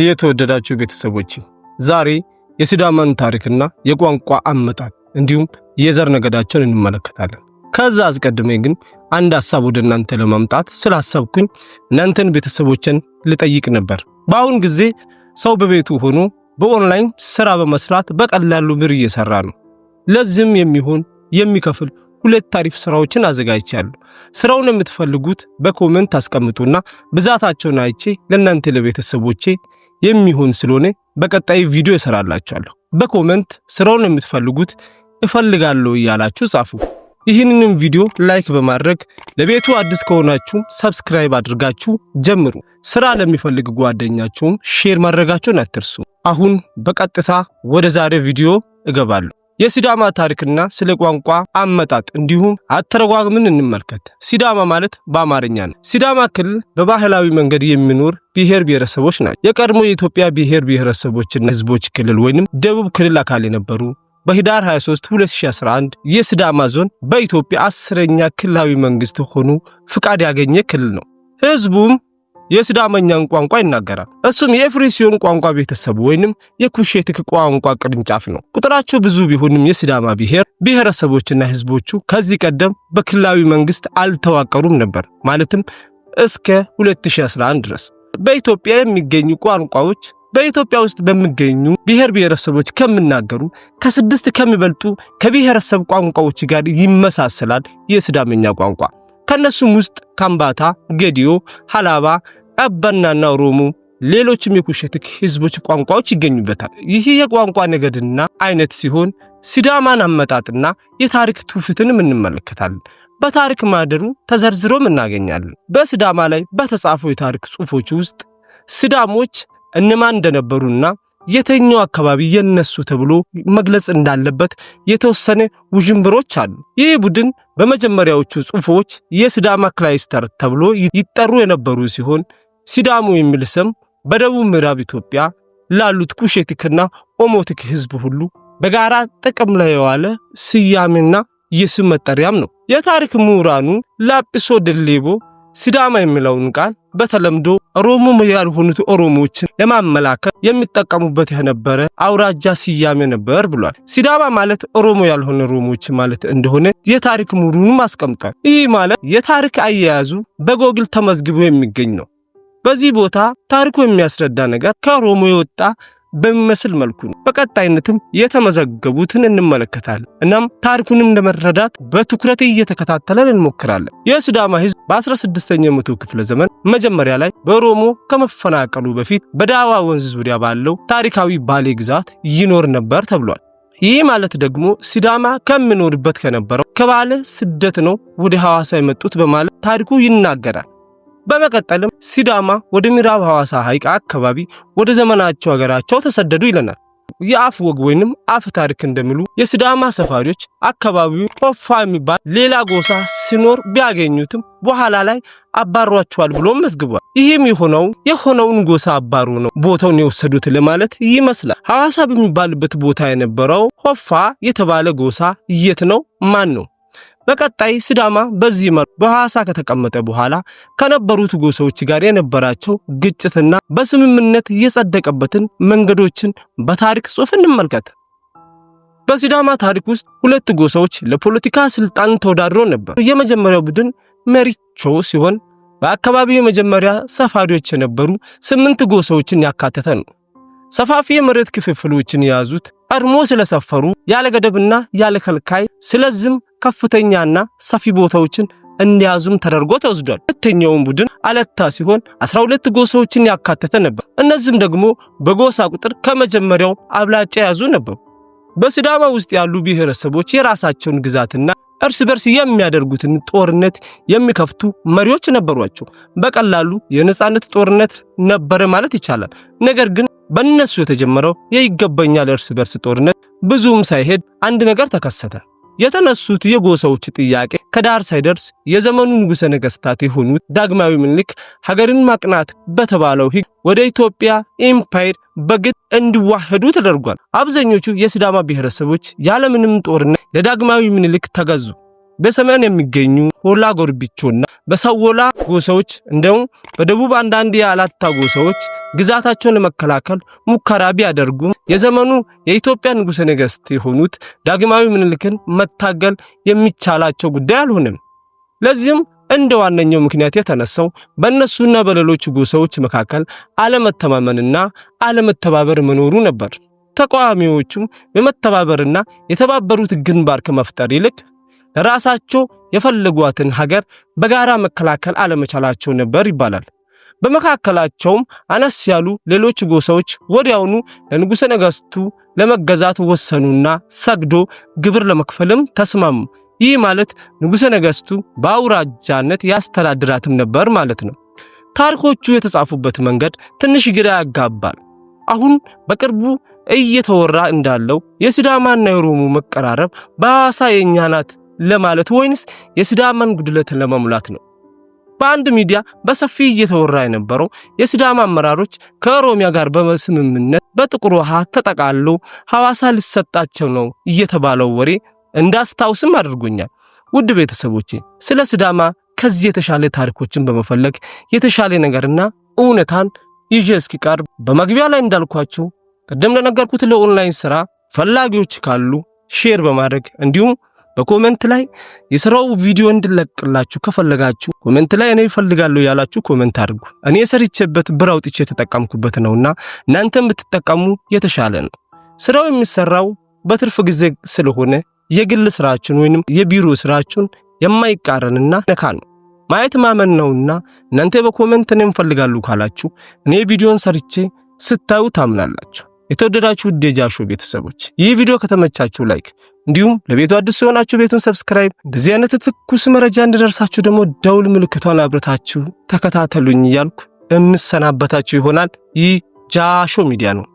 እየተወደዳችሁ ቤተሰቦች ዛሬ የሲዳማን ታሪክና የቋንቋ አመጣት እንዲሁም የዘር ነገዳቸውን እንመለከታለን። ከዛ አስቀድሜ ግን አንድ ሀሳብ ወደ እናንተ ለማምጣት ስላሰብኩኝ እናንተን ቤተሰቦችን ልጠይቅ ነበር። በአሁን ጊዜ ሰው በቤቱ ሆኖ በኦንላይን ስራ በመስራት በቀላሉ ብር እየሰራ ነው። ለዚህም የሚሆን የሚከፍል ሁለት ታሪፍ ስራዎችን አዘጋጅቻለሁ። ስራውን የምትፈልጉት በኮመንት አስቀምጡና ብዛታቸውን አይቼ ለእናንተ ለቤተሰቦቼ የሚሆን ስለሆነ በቀጣይ ቪዲዮ እሰራላችኋለሁ። በኮመንት ስራውን የምትፈልጉት እፈልጋለሁ እያላችሁ ጻፉ። ይህንንም ቪዲዮ ላይክ በማድረግ ለቤቱ አዲስ ከሆናችሁ ሰብስክራይብ አድርጋችሁ ጀምሩ። ስራ ለሚፈልግ ጓደኛችሁም ሼር ማድረጋችሁን አትርሱ። አሁን በቀጥታ ወደ ዛሬ ቪዲዮ እገባለሁ። የሲዳማ ታሪክና ስለ ቋንቋ አመጣጥ እንዲሁም አተረጓጉምን እንመልከት። ሲዳማ ማለት በአማርኛ ነው። ሲዳማ ክልል በባህላዊ መንገድ የሚኖር ብሔር ብሔረሰቦች ናቸው። የቀድሞ የኢትዮጵያ ብሔር ብሔረሰቦችና ህዝቦች ክልል ወይንም ደቡብ ክልል አካል የነበሩ በህዳር 23 2011 የሲዳማ ዞን በኢትዮጵያ አስረኛ ክልላዊ መንግስት ሆኖ ፍቃድ ያገኘ ክልል ነው። ህዝቡም የስዳመኛን ቋንቋ ይናገራል። እሱም የኤፍሬሲዮን ቋንቋ ቤተሰብ ወይንም የኩሼትክ ቋንቋ ቅርንጫፍ ነው። ቁጥራቸው ብዙ ቢሆንም የስዳማ ብሔር ብሔረሰቦችና ህዝቦቹ ከዚህ ቀደም በክልላዊ መንግስት አልተዋቀሩም ነበር ማለትም እስከ 2011 ድረስ። በኢትዮጵያ የሚገኙ ቋንቋዎች በኢትዮጵያ ውስጥ በሚገኙ ብሔር ብሔረሰቦች ከሚናገሩ ከስድስት ከሚበልጡ ከብሔረሰብ ቋንቋዎች ጋር ይመሳሰላል የስዳመኛ ቋንቋ። ከነሱም ውስጥ ካምባታ፣ ገዲዮ፣ ሀላባ አባናና ኦሮሞ ሌሎችም የኩሸትክ ህዝቦች ቋንቋዎች ይገኙበታል። ይህ የቋንቋ ነገድና አይነት ሲሆን ሲዳማን አመጣጥና የታሪክ ትውፊትንም እንመለከታለን። በታሪክ ማደሩ ተዘርዝሮም እናገኛለን። በስዳማ ላይ በተጻፉ የታሪክ ጽሑፎች ውስጥ ስዳሞች እነማን እንደነበሩና የተኛው አካባቢ የነሱ ተብሎ መግለጽ እንዳለበት የተወሰነ ውዥንብሮች አሉ። ይህ ቡድን በመጀመሪያዎቹ ጽሑፎች የስዳማ ክላይስተር ተብሎ ይጠሩ የነበሩ ሲሆን ሲዳሞ የሚል ስም በደቡብ ምዕራብ ኢትዮጵያ ላሉት ኩሼቲክና ኦሞቲክ ህዝብ ሁሉ በጋራ ጥቅም ላይ የዋለ ስያሜና የስም መጠሪያም ነው። የታሪክ ምሁራኑ ላጲሶ ድሌቦ ሲዳማ የሚለውን ቃል በተለምዶ ኦሮሞ ያልሆኑት ኦሮሞዎችን ለማመላከት የሚጠቀሙበት የነበረ አውራጃ ስያሜ ነበር ብሏል። ሲዳማ ማለት ኦሮሞ ያልሆነ ኦሮሞዎች ማለት እንደሆነ የታሪክ ምሁሩንም አስቀምጧል። ይህ ማለት የታሪክ አያያዙ በጎግል ተመዝግቦ የሚገኝ ነው። በዚህ ቦታ ታሪኩ የሚያስረዳ ነገር ከሮሞ የወጣ በሚመስል መልኩ ነው። በቀጣይነትም የተመዘገቡትን እንመለከታለን። እናም ታሪኩንም ለመረዳት በትኩረት እየተከታተለን እንሞክራለን። የሲዳማ ህዝብ በ16ኛው መቶ ክፍለ ዘመን መጀመሪያ ላይ በሮሞ ከመፈናቀሉ በፊት በዳዋ ወንዝ ዙሪያ ባለው ታሪካዊ ባሌ ግዛት ይኖር ነበር ተብሏል። ይህ ማለት ደግሞ ሲዳማ ከሚኖርበት ከነበረው ከባለ ስደት ነው ወደ ሐዋሳ የመጡት በማለት ታሪኩ ይናገራል። በመቀጠልም ሲዳማ ወደ ምዕራብ ሐዋሳ ሐይቅ አካባቢ ወደ ዘመናቸው ሀገራቸው ተሰደዱ ይለናል። የአፍ ወግ ወይንም አፍ ታሪክ እንደሚሉ የሲዳማ ሰፋሪዎች አካባቢው ሆፋ የሚባል ሌላ ጎሳ ሲኖር ቢያገኙትም በኋላ ላይ አባሯቸዋል ብሎ መዝግቧል። ይህም የሆነው የሆነውን ጎሳ አባሩ ነው ቦታውን የወሰዱት ለማለት ይመስላል። ሐዋሳ በሚባልበት ቦታ የነበረው ሆፋ የተባለ ጎሳ የት ነው? ማን ነው? በቀጣይ ሲዳማ በዚህ መልኩ በሐዋሳ ከተቀመጠ በኋላ ከነበሩት ጎሳዎች ጋር የነበራቸው ግጭትና በስምምነት የጸደቀበትን መንገዶችን በታሪክ ጽሑፍ እንመልከት። በሲዳማ ታሪክ ውስጥ ሁለት ጎሳዎች ለፖለቲካ ስልጣን ተወዳድሮ ነበር። የመጀመሪያው ቡድን መሪቾ ሲሆን በአካባቢው የመጀመሪያ ሰፋሪዎች የነበሩ ስምንት ጎሳዎችን ያካተተ ነው። ሰፋፊ የመሬት ክፍፍሎችን የያዙት ቀድሞ ስለሰፈሩ ያለ ገደብና ያለ ከልካይ ስለዚህም ከፍተኛና ሰፊ ቦታዎችን እንዲያዙም ተደርጎ ተወስዷል። ሁለተኛውን ቡድን አለታ ሲሆን 12 ጎሳዎችን ያካተተ ነበር። እነዚህም ደግሞ በጎሳ ቁጥር ከመጀመሪያው አብላጫ የያዙ ነበሩ። በሲዳማ ውስጥ ያሉ ብሔረሰቦች የራሳቸውን ግዛትና እርስ በርስ የሚያደርጉትን ጦርነት የሚከፍቱ መሪዎች ነበሯቸው። በቀላሉ የነጻነት ጦርነት ነበረ ማለት ይቻላል። ነገር ግን በእነሱ የተጀመረው የይገባኛል እርስ በርስ ጦርነት ብዙም ሳይሄድ አንድ ነገር ተከሰተ። የተነሱት የጎሳዎች ጥያቄ ከዳር ሳይደርስ የዘመኑ ንጉሠ ነገሥታት የሆኑት ዳግማዊ ምኒልክ ሀገርን ማቅናት በተባለው ሕግ ወደ ኢትዮጵያ ኢምፓየር በግድ እንዲዋህዱ ተደርጓል። አብዛኞቹ የሲዳማ ብሔረሰቦች ያለምንም ጦርነት ለዳግማዊ ምኒልክ ተገዙ። በሰሜን የሚገኙ ሆላ ጎርቢቾና በሰወላ ጎሳዎች እንደውም በደቡብ አንዳንድ የአላታ ጎሳዎች ግዛታቸውን ለመከላከል ሙከራ ቢያደርጉ የዘመኑ የኢትዮጵያ ንጉሠ ነገሥት የሆኑት ዳግማዊ ምኒልክን መታገል የሚቻላቸው ጉዳይ አልሆነም። ለዚህም እንደ ዋነኛው ምክንያት የተነሳው በእነሱና በሌሎች ጎሳዎች መካከል አለመተማመንና አለመተባበር መኖሩ ነበር። ተቃዋሚዎቹም በመተባበርና የተባበሩት ግንባር ከመፍጠር ይልቅ ራሳቸው የፈለጓትን ሀገር በጋራ መከላከል አለመቻላቸው ነበር ይባላል። በመካከላቸውም አነስ ያሉ ሌሎች ጎሳዎች ወዲያውኑ ለንጉሠ ነገሥቱ ለመገዛት ወሰኑና ሰግዶ ግብር ለመክፈልም ተስማሙ። ይህ ማለት ንጉሠ ነገሥቱ በአውራጃነት ያስተዳድራትም ነበር ማለት ነው። ታሪኮቹ የተጻፉበት መንገድ ትንሽ ግራ ያጋባል። አሁን በቅርቡ እየተወራ እንዳለው የሲዳማና የኦሮሞ መቀራረብ በሐዋሳ የእኛ ናት ለማለት ወይንስ የስዳማን ጉድለትን ለመሙላት ነው? በአንድ ሚዲያ በሰፊ እየተወራ የነበረው የስዳማ አመራሮች ከኦሮሚያ ጋር በስምምነት በጥቁር ውሃ ተጠቃሎ ሐዋሳ ሊሰጣቸው ነው እየተባለው ወሬ እንዳስታውስም አድርጎኛል። ውድ ቤተሰቦቼ ስለ ስዳማ ከዚህ የተሻለ ታሪኮችን በመፈለግ የተሻለ ነገርና እውነታን ይዤ እስኪቀርብ በመግቢያ ላይ እንዳልኳችሁ ቅድም ለነገርኩት ለኦንላይን ስራ ፈላጊዎች ካሉ ሼር በማድረግ እንዲሁም በኮመንት ላይ የስራው ቪዲዮ እንድለቅላችሁ ከፈለጋችሁ ኮመንት ላይ እኔ እፈልጋለሁ ያላችሁ ኮመንት አድርጉ። እኔ ሰርቼበት ብር አውጥቼ የተጠቀምኩበት ነውና እናንተም ብትጠቀሙ የተሻለ ነው። ስራው የሚሰራው በትርፍ ጊዜ ስለሆነ የግል ስራችን ወይንም የቢሮ ስራችን የማይቃረንና ነካ ነው ማየት ማመን ነውና እናንተ በኮመንት እኔ እፈልጋለሁ ካላችሁ እኔ ቪዲዮን ሰርቼ ስታዩ ታምናላችሁ። የተወደዳችሁ ዴጃሾ ቤተሰቦች ይህ ቪዲዮ ከተመቻችሁ ላይክ እንዲሁም ለቤቱ አዲስ የሆናችሁ ቤቱን ሰብስክራይብ፣ እንደዚህ አይነት ትኩስ መረጃ እንዲደርሳችሁ ደግሞ ደውል ምልክቷን አብረታችሁ ተከታተሉኝ እያልኩ የምሰናበታችሁ ይሆናል። ይህ ጃሾ ሚዲያ ነው።